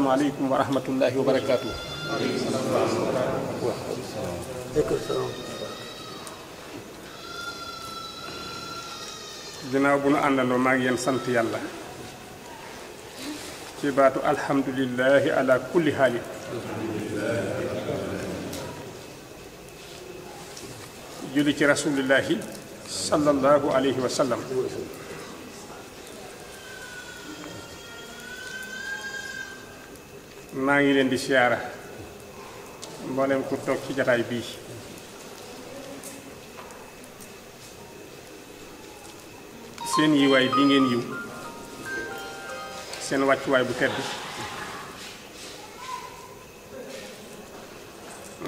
asalaamaaleykum wa rahmatullahi wa barakaatu. ginnaaw bu nu àndandoo maa ngi yéen sant yàlla. ci baatu alhamdulilahi ala kulli xaali. julli ci rasulillahi sallallahu alayhi wa sallam. maa ngi leen di siyaara mboolem ku toog ci jataay bii seen yiwaay bi ngeen yiw seen wàccuwaay bu tedd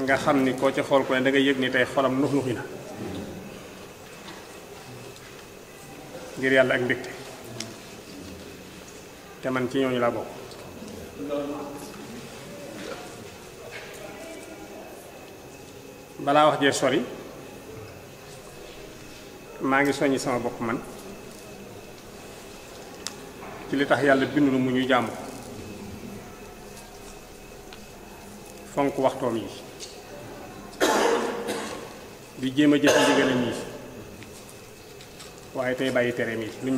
nga xam ni koo ci xool ko ne da yëg ni tey xolam nux nuxi na ngir yàlla ak mbégte te man ci ñooñu laa bokk bala wax je sori ma ngi soñi sama bokk man ci li tax yalla bindu mu ñu jamm fonk waxtom yi di jéem a jëf ndigalam yi waaye tey bàyyi tereem yi luñ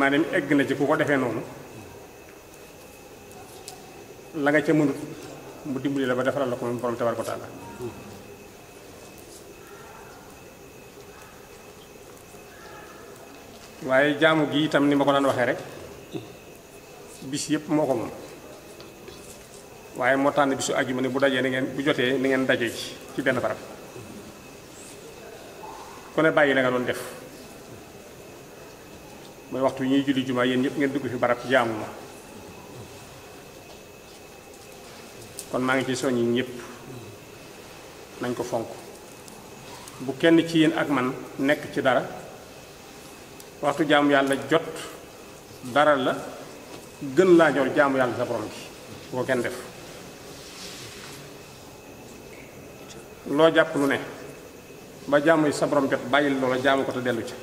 man dem egg na ci ku ko defee la nga ca mënut mu dimbali la ba defaral la ko moom borom tabaraka taala waaye jaamu gi itam ni ma ko daan rek bis yëpp moo ko moom waaye moo tànn bisu àjjuma ne bu dajee ni ngeen bu jotee ni ngeen daje ci ci ne la nga def waxtu julli juma ngeen dugg fi jaamu kon maa ngi ci soññi ñëpp nañ ko fonk bu kenn ci yéen ak man nekk ci dara waxtu jaamu yàlla jot dara la gën laa ñor jaamu yàlla sa borom gi bu ko kenn def loo jàpp lu ne ba jaamu sa borom jot bàyyil loola jaamu ko te dellu ci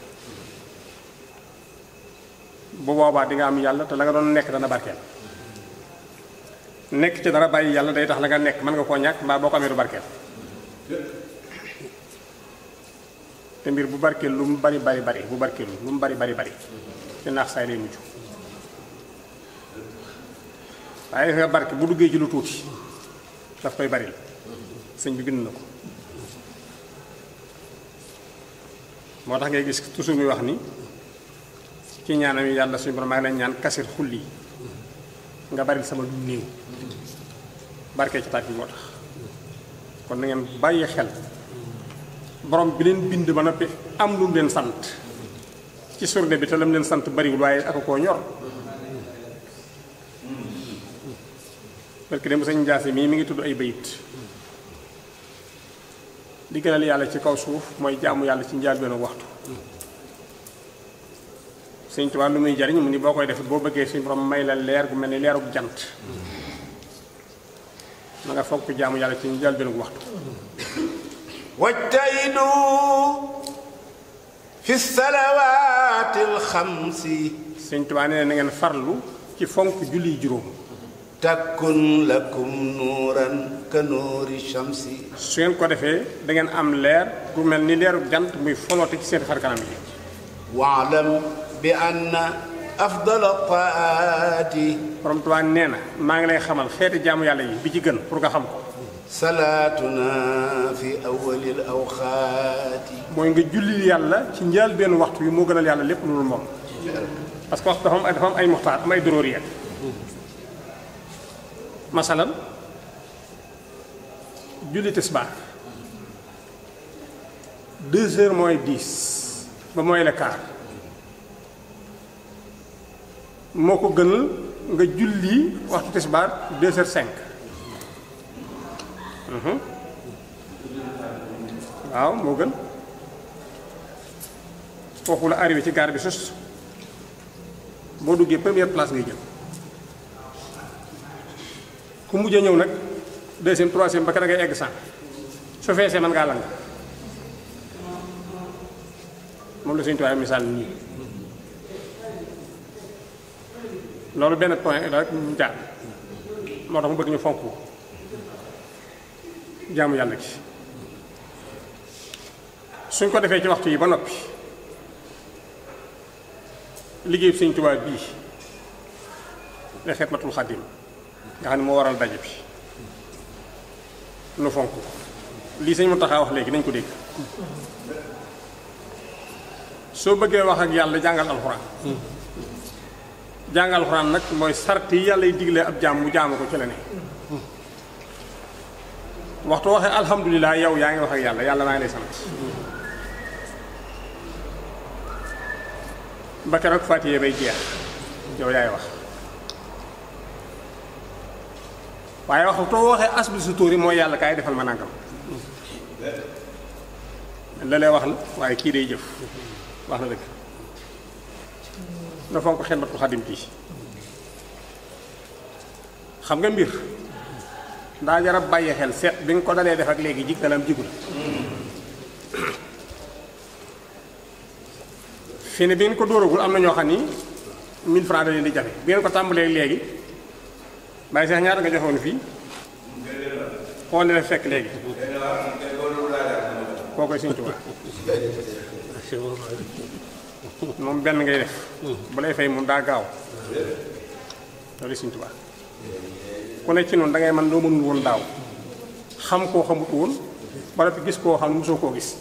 bu boobaa dinga am yàlla te la nga doon nekk dana barkeel nek ci dara bàyyi yalla day tax la nga nek man nga ko ñak mbaa boko ko amee mbir bu barkeel lu mu bari bari bari bu barkeel lu mu bari bari bari te nax say lay mujj ay nga barke bu duggé ci lu tuti daf koy bari señ bi bind nako motax ngay gis tousu mi wax ni ci ñaanam yalla suñu borom ma lay ñaan kasir khulli nga baril sama lu neew barke ci tak yi moo kon na ngeen baye xel borom bi len bind ba noppi am lu len sant ci surne bi te lam sante sant wul waye ak ko ñor barke dem sëñ jassi mi mi ngi tuddu ay bayit li gënal ci kaw suuf moy jaamu yalla ci njaal benn waxtu sëñ tuba lu muy jariñ mu ni bokoy def bo bëggee suñ borom may la leer gu melni ni jant na nga fonk jaamu yàlla ci njëlbéenu waxtu. wajtahidu fi salawaati alxamsi. Sëñ Tuubaa nee na ngeen farlu ci fonk julli juróom. takkun lakum nuuran ka nuuri shamsi. su ngeen ko defee dangeen am leer gu mel ni leeru jant muy foloote ci seen xar kanam yi. waalam bi anna. افضل الطاعات رمت وان نينا ما نلاي خمال خيتي جامو يالا يي بيجي گن بور كا صلاتنا في اول الاوقات موي نغي جولي يالا سي نيال بن وقت وي مو گنال يالا ليپ لول موم باسكو وقتهم ادهم اي مختار اي ضروري مثلا جولي تسبح 2h moy 10 ba moy le quart moko gënal nga julli waxtu tisbaar 2 heures 5 mhm. waaw mo gën fofu la arrivé ci gare bi sus bo duggé première place ngay jël ku mujjee ñëw nag deuxième troisième ba ka da ngay egg sax su fessé man nga lang moom la suñu tuwaay misal ni loolu benn point la rek ñu jaar moo tax mu bëgg ñu fonk jaamu yàlla gi suñ ko defee ci waxtu yi ba noppi liggéey bi Sëñ Tuubaa bii la Xidmatul Xaadim nga xam ne moo waral daje bi nu fonk lii Sëñ Muntaxa wax léegi nañ ko dégg soo bëggee wax ak yàlla jàngal alxuraan jàng alxuraan nag mooy sart yi yàlla y digle ab jaam mu jaamu ko ci la ne waxtu waxee alhamdulilah yow yaa ngi wax ak yàlla yàlla naa ngi lay sant ba keroog bay jeex yow yaay wax waaye waxtu waxee asbil su tuur yi mooy yàlla kaay defal ma nangam hmm. la wax la waaye kii day jëf wax na dëgg te fonk xidmatul xadim ci xam nga mbir nda jara baye xel set bi nga ko dalé def ak légui jik dalam am fini bi ngeen ko dorogul amna ño xani 1000 francs dañu di jafé bi ngeen ko tambalé légui may sax ñaar nga joxoon fii xool la fekk léegi kookoy sëñ Tuubaa moom benn ngay def bu lay fay moom daa gaaw loolu Sëñ Tuubaa ku ne ci noonu dangay ngay man loo mënul woon daaw xam koo xamut woon ba noppi gis koo xam ne mosoo koo gis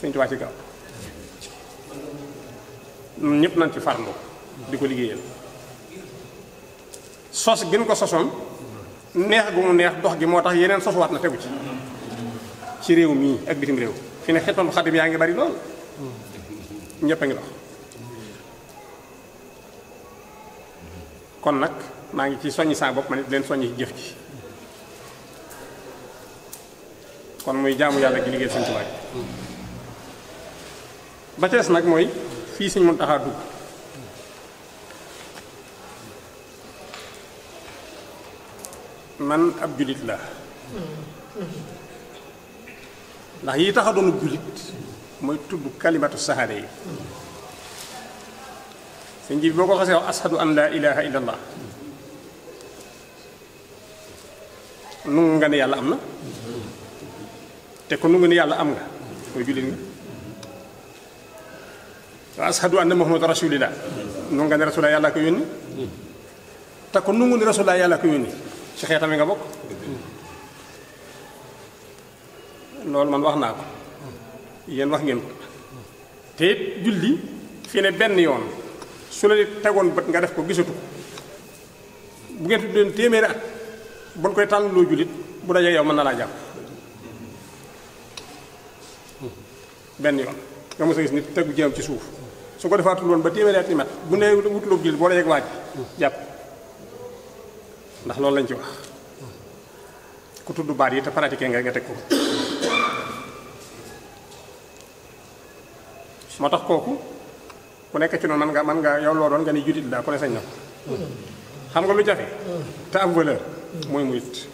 Sëñ Tuubaa ci gaaw ñun ñëpp nañ ci farlu di ko liggéeyal sos gën ko sosoon neex gu mu neex dox gi moo tax yeneen sosuwaat na tegu ci ci réew mii ak bitim réew fi ne xetoon xadim yaa ngi bari lool ñëpp a ngi dox kon nag maa ngi ci soññi saa bopp ma nit leen soññi ci jëf ji kon muy jaamu yàlla gi liggéey Sëñ Tuubaa ba tees nag mooy fii Sëñ Muntaxaa dugg man ab julit la ndax yi taxa doon ab mooy tudd kalimatu sahaada yi sëñ ji boo ko ashadu an la ilaha illallah nungu nga ne yàlla amna na te ko nungu ne yàlla am nga nga wa ashadu anna muhammad rasulillah nungu nga ne rasulaa yàlla ko yónni ta ko nga ne rasulaa yàlla ko yónni ci xeetami nga bokk loolu man wax naa ko wax ngeen te julli fi ne benn su la nit tegoon nga def ko gisatu bu ngeen tuddeen téeméeri at bon koy tan lo julit bu dajee yow man na la jàpp ben yoon nga mos gis nit tegu jëm ci suuf su ko defatu woon ba téeméeri at ni mat bu nee wutuloo julit boo dajee waaj jàpp ndax lolou lañ ci wax ku tuddu bar yi te pratiqué nga nga tek ko motax koku ku nekk ci noonu man nga man nga yow loo doon nga ni jullit daa ku ne sañ na ko xam nga lu jafe te am valeur mooy murit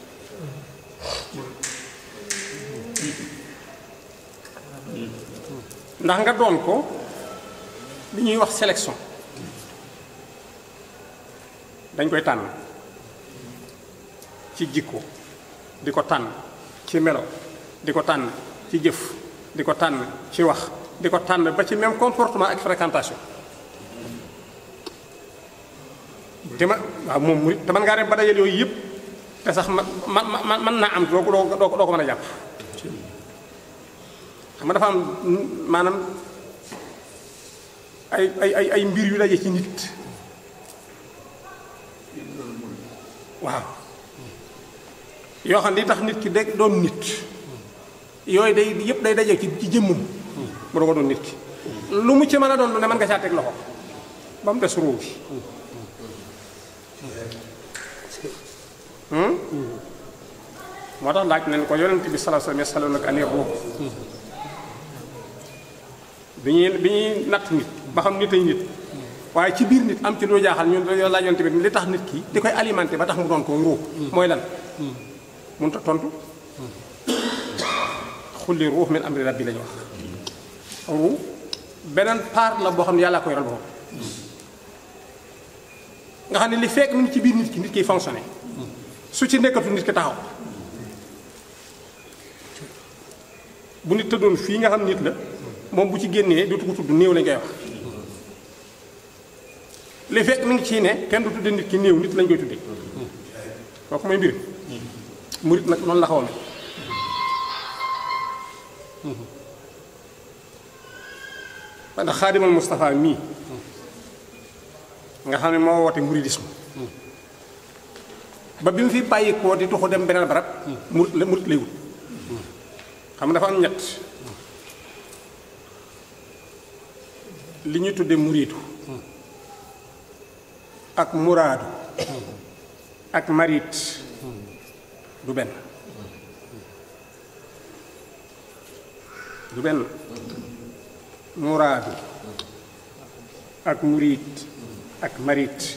ndax nga doon ko li ñuy wax sélection dañ koy tànn ci jikko di ko tànn ci melo di ko tànn ci jëf di ko tànn ci wax di ko tànn ba ci même comportement ak fréquentation dima waaw moom muy te mën ngaa dem ba dajale yooyu yëpp te sax man man mën naa am doo ko dafa am maanaam ay mbir yu daje ci nit waaw yoo xam ne li tax nit ki de doon nit yooyu day yëpp day daje ci ci jëmmam bu doog doon nit ki lu mu ci mën a doon lu ne man nga caa teg loxo ba mu des ruu bi hmm? moo tax laaj nañ ko yonent bi sallallahu alayhi wa sallam ak ani ruux bi ñuy bi ñuy natt nit ba xam nit ay nit waaye ci biir nit am ci lu jaaxal ñun dañoo laaj bi li tax nit ki di koy alimenté ba tax mu doon ko ruux mooy lan mënut a tontu xulli ruux min amri rabbi la ñu wax amul beneen part la boo xam ne yàllaa ko yoral boppam nga xam ne li fekk mu ngi ci biir nit ki nit kiy fonctionné su ci nekkatu nit ki taxaw bu nit tëddoon fii nga xam nit la moom bu ci génnee dootu ko tudd néew lañ koy wax li fekk mi ngi ciy ne kenn du tudde nit ki néew nit lañ koy tudde kooku mooy mbir murit nag noonu la xawoon ndax xaadimal Moustapha mii nga xam ne moo woote muridisme ba bi mu fi bàyyi koo di tuxu dem beneen barab murit la murit lay wut xam dafa am ñett li ñu tuddee muriitu ak muraadu ak marit du benn du benn muraadu ak muriid ak marit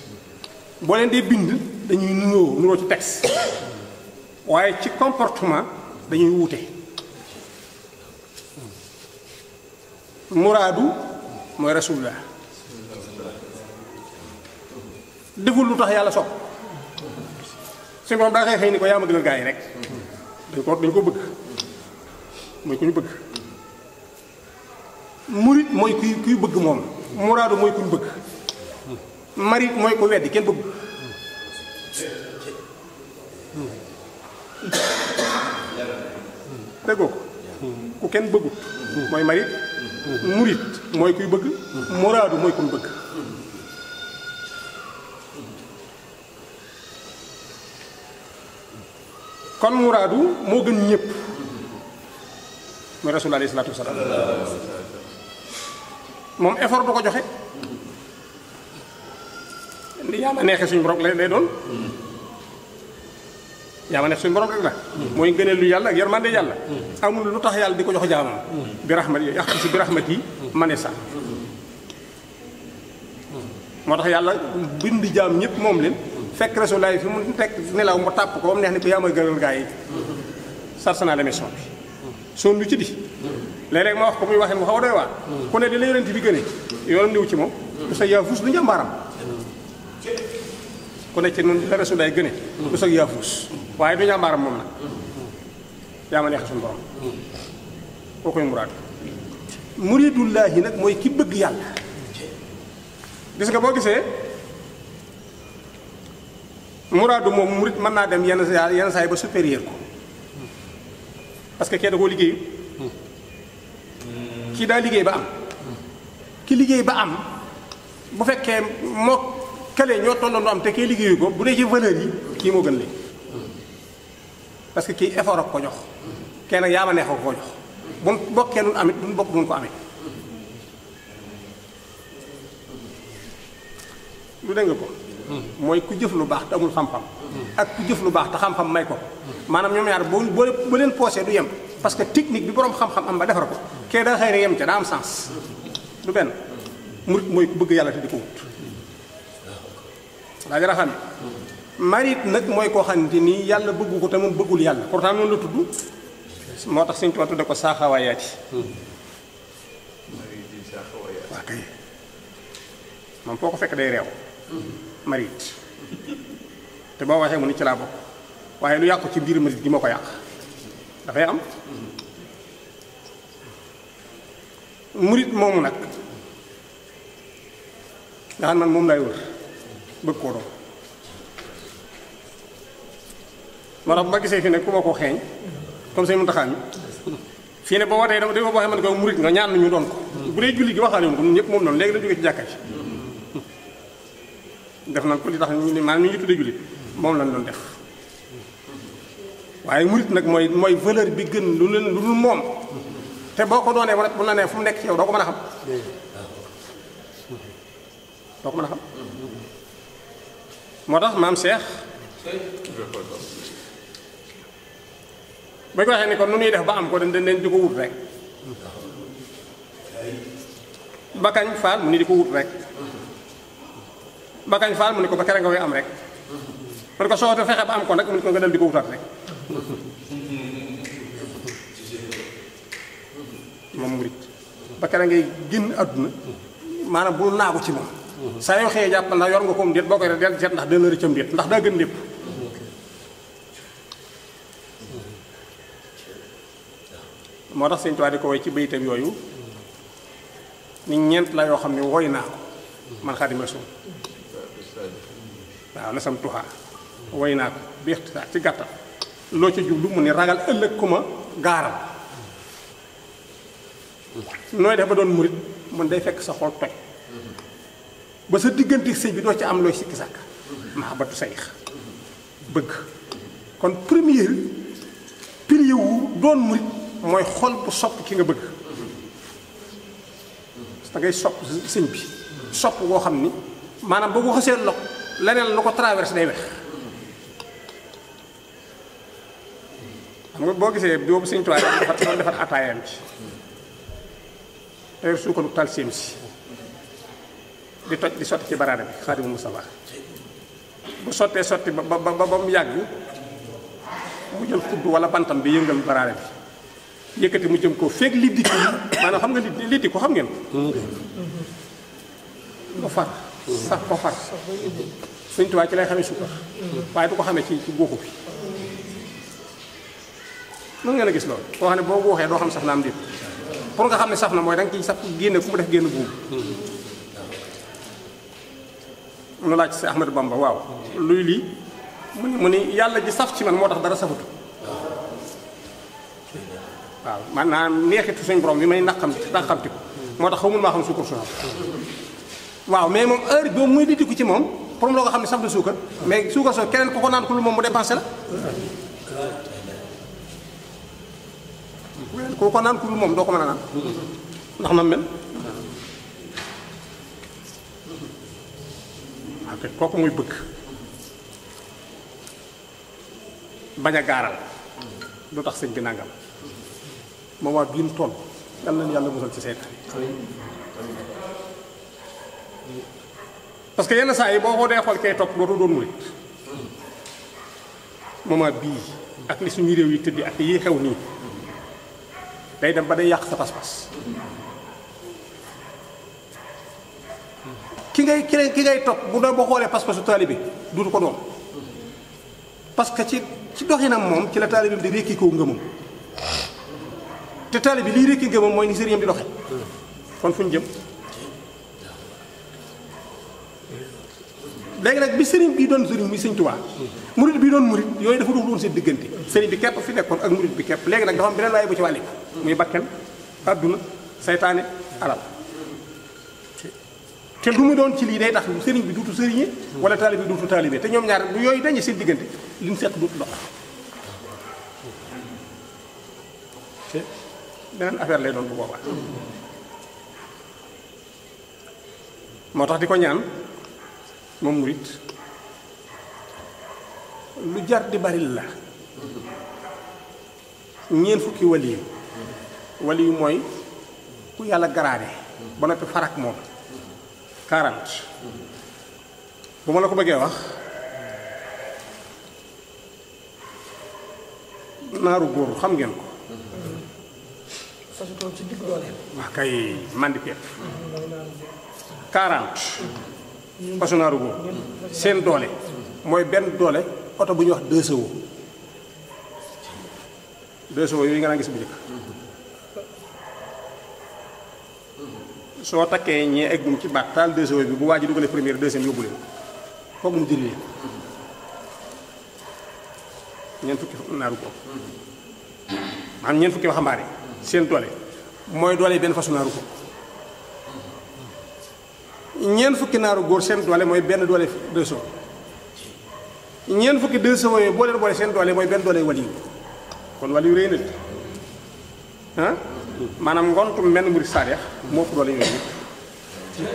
boo leen dee bind dañuy nuroo nuroo ci texte waaye ci comportement dañuy wuute muraadu mooy rasulullah deful lu tax yàlla sopp suñu borom daa xëy xëy ni ko yaa ma gënal gaa yi rek dañ ko dañ ko bëgg muy ku ñu bëgg murid moy kuy kuy bëgg mom muradu moy kuy bëgg marit moy ko wedd kenn bëgg déggoo ko ku kenn bëggut mooy marit murit mooy kuy bëgg muradu moy kuy bëgg kon muradu mo gën ñëpp mooy rasul alayhi salaatu moom effort du ko joxe ni yàlla neexee suñu borom lay doon yàlla neex suñu borom rek la mooy gëneel lu yàlla ak de yàlla amul lu tax yàlla di ko jox jaamam bi raxmat yi yàq si bi raxmat yi ma ne sax moo tax yàlla bind jaam ñëpp moom leen fekk Rasulaay fi mu nekk nelaw mu tàpp ko ba mu neex ni ko yaa may gënal gaa yi sarsanaa la mission lu ci di léeg-léeg ma wax ko muy waxee mu xaw a doy waar ku di la yonent bi gënee yoonam niw ci moom du sa yaafuus lu njàmbaaram ku ne ci nun la rasulaay gëne du sa yaafuus waaye du njàmbaaram moom nag yaa ma neex suñu borom koy muraad muridullaahi nag mooy ki bëgg yàlla gis nga boo gisee muraadu moom murid mën naa dem yenn saa yenn saay yi ba supérieur ko parce que kee da koo liggéeyu kii daa liggéey ba am ki liggéey ba am bu fekkee moo kale ñoo tollandoo am te kee liggéeyu ko bu dee ci valeur yi kii moo gën léegi parce que kii effort ak ko jox kenn nag yaa ma jox bu bokkee nun amit duñ bokk duñ ko amit lu dégg ko moy ku jëf lu baax ta amul xam-xam ak ku jëf lu baax ta xam-xam may ko manam ñom ñaar bo boo leen posé du yem parce que technique bi borom xam-xam am ba defar ko ké da xey xëy yem ci da am sens du ben murid moy ku bëgg yalla te diko wut daa jara xam marit nak moy ko xam ni yalla bëgg ko te moom bëggul yalla pourtant non la tudd moo tax suñ tuba tudde ko saaxawaayaati waaw kay moom foo ko fekk day réew marit te boo waxee mu ni ci laa bokk waaye lu yàqu ci biir marit gi moo ko yàq dafay am murit moomu nag nga xam man moom lay wër bëgg koo doon moo tax ba gisee fi ne ku ma ko xeeñ comme sëñ Muntaxa mi fii ne boo waxee man ko murit nga ñaan ñu doon ko bu dee julli gi waxaale woon ko ñëpp moom noonu léegi la jógee ci jàkka ji def nañ ko li tax ñu ne ñu ngi tuddee jullit moom lañu doon def waaye murit nag mooy mooy valeur bi gën lu leen lu dul moom te boo ko doonee bu la nee fu mu nekk ci yow doo ko mën a xam doo moo tax maam Cheikh ba ko waxee ni kon nu ñuy def ba am ko dañ dañ di ko wut rek ba kañ faal mu ni di ko wut rek ba kañ faal mu ne ko ba kere nga way am rek par ko soto fexe ba am ko nak mu ne ko nga dem diko ko rek mo murit ba kere ngay génn àdduna maanaam bul naagu ci mom sa yo xëyee japp ndax yor nga ko déet boo rek del seet ndax dana rëccam déet ndax da gën lepp mo tax seigne Tuubaa di ko ci beytam yoyu ni ñent la yo xamni woy naa man Xaadimu Rasuul waaw la sam tuxaa way naa ko beexti saa ci gàttal loo ca jublu mu ne ragal ëllëg ku ma gaaral nooy def ba doon murit mun day fekk sa xol toj ba sa diggante sëñ bi doo ci am looy sikki sàkk mahabatu sayx bëgg kon première pilier wu doon murit mooy xol bu sopp ki nga bëgg da ngay sopp sëñ bi sopp boo xam ni maanaam boo ko xasee lokk leneen lu ko traverse day wex xam nga boo gisee boobu sëñ tuwaay defar doon defar ataayam ci tey suukalu talsiim si di toj di sotti ci baraada bi xaadimu musaba bu sottee sotti ba ba ba mu yàgg mu jël kudd wala bantam bi yëngal baraada bi yëkkati mu jëm ko feeg li ci maanaam xam nga li ko xam ngeen ko far sax ko far sëñ Tuubaa ci lay xamee sukkar waaye du ko xamee ci ci góoxu bi mën ngeen a gis loolu koo xam ne boo góoxee doo xam saf na am déet pour nga xam ne saf na mooy da nga ciy saf mu def génn buubu mu laaj si Bamba waaw luy mu yàlla ji saf ci man moo tax dara safut waaw maanaam neexitu suñ borom bi may naqam naqamti ko moo tax xamul maa xam sukkar su waaw mais moom heure boobu muy di dikk ci moom problème loo nga xam ne sax na suukar mais suukar soo ko ko naan ku lu moom mu dépensé la ku ko naan ku lu moom doo ko mën a naan ndax na mel kooku muy bëgg bañ a gaaral lu tax sëñ bi nangam ma waa biim toll yal nañu yàlla musal ci seytaan parce que yenn saa yi boo ko dee xool kay topp dootu doon murit moment bii ak ni suñu réew yi tëddi ak yi xew nii day dem ba day yàq sa pas-pas ki ngay ki ngay topp bu doon boo xoolee pas-pasu taalibe duutu ko doon parce que ci ci doxinam moom ci la taalibe bi di rékki koo ngëmam te taalibe bi liy rékki ngëmam mooy ni sëriñam di doxe kon fu ñu jëm léegi nag bi sëriñ bi doon sëriñ muy sëñ Tuubaa murit bi doon murit yooyu dafa dox doon seen diggante sëriñ bi képp fi nekkoon ak murit bi képp léegi nag dafa am beneen waaye bu ci wàlli muy bakkan adduna saytaane alal te lu mu doon ci lii day tax sëriñ bi duutu sëriñe wala taalibe duutu taalibe te ñoom ñaar lu yooyu dañu seen diggante liñ seq set dox te beneen affaire lay doon bu boobaa moo tax di ko ñaan moom murit lu jar di bari la ñeent fukki wali yu mooy ku yàlla garaade ba noppi farak moom 40 bu ma la ko bëggee wax naaru góor xam ngeen ko waaw kay mandi pepp 40 pasunaaru boobu seen doole mooy benn doole oto bu ñuy wax deux chevaux deux yi nga daan gis bu njëkk soo takkee ñee eggum ci baat taal deux chevaux bi bu waa ji dugalee première deuxième yóbbu leen foog mu jëli leen ñeent fukki naaru góor maanaam ñeent fukki waxambaane seen doole mooy doole benn façon naaru ñeent fukki naaru góor seen doole mooy benn doole deux cent ñeent fukki deux cent yooyu boo leen boole seen doole mooy benn doole waliyu kon waliyu rëy na de ah maanaam ngontum menn murit saadeex moo ëpp doole ñooñu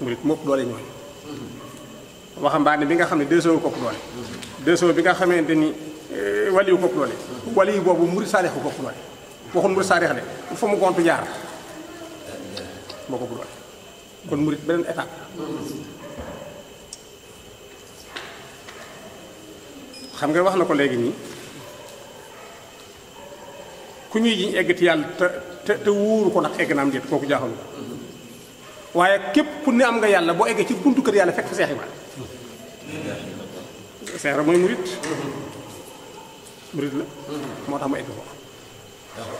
murit moo ëpp doole ñooñu waxambaane bi nga xam ne deux cent ko ëpp doole deux cent bi nga xamante ni eh, waliyu ko ëpp doole waliyu boobu murit saadeex ko ëpp doole waxul murit saadeex de fa mu gontu jaar moo ko ëpp doole kon murit beneen étape xam nga wax na ko léegi nii ku ñuy jiñ egg ci yàlla te te wóoru ko ndax egg na am déet kooku jaaxal waaye képp ku ne am nga yàlla boo eggee ci buntu kër yàlla fekk fa Seex Ibra Seex Ibra mooy murit murit la moo tax ma egg ko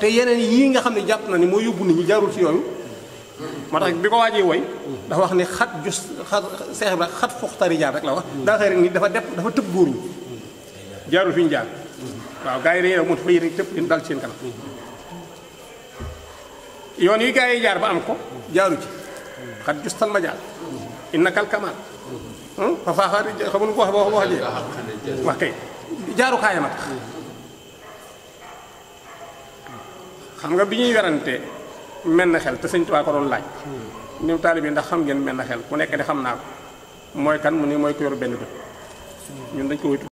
te yeneen yii nga xam ne jàpp na ni moo yóbbu nit ñu jaarul ci yooyu moo tax bi ko waajee woy dafa wax ne xat jus xat Seex Ibra xat fuxtari rek la wax daa xëy ni dafa def dafa tëb góor jaaru jaarul fi ñu jaar waaw gars yi dañuy yi gars jaar am ko jaaru ci xat jus ma jaar inna kal kamal hmm? fa faaxaari xamul jaaru kaayam a tax xam nga bi ñuy werante mel na xel te sëñ Tuubaa ko doon laaj ni taalibe yi ndax xam ngeen mel na xel ku nekk di xam naa ko mooy kan mu ni mooy ku yor benn bët ñun dañ ko wétu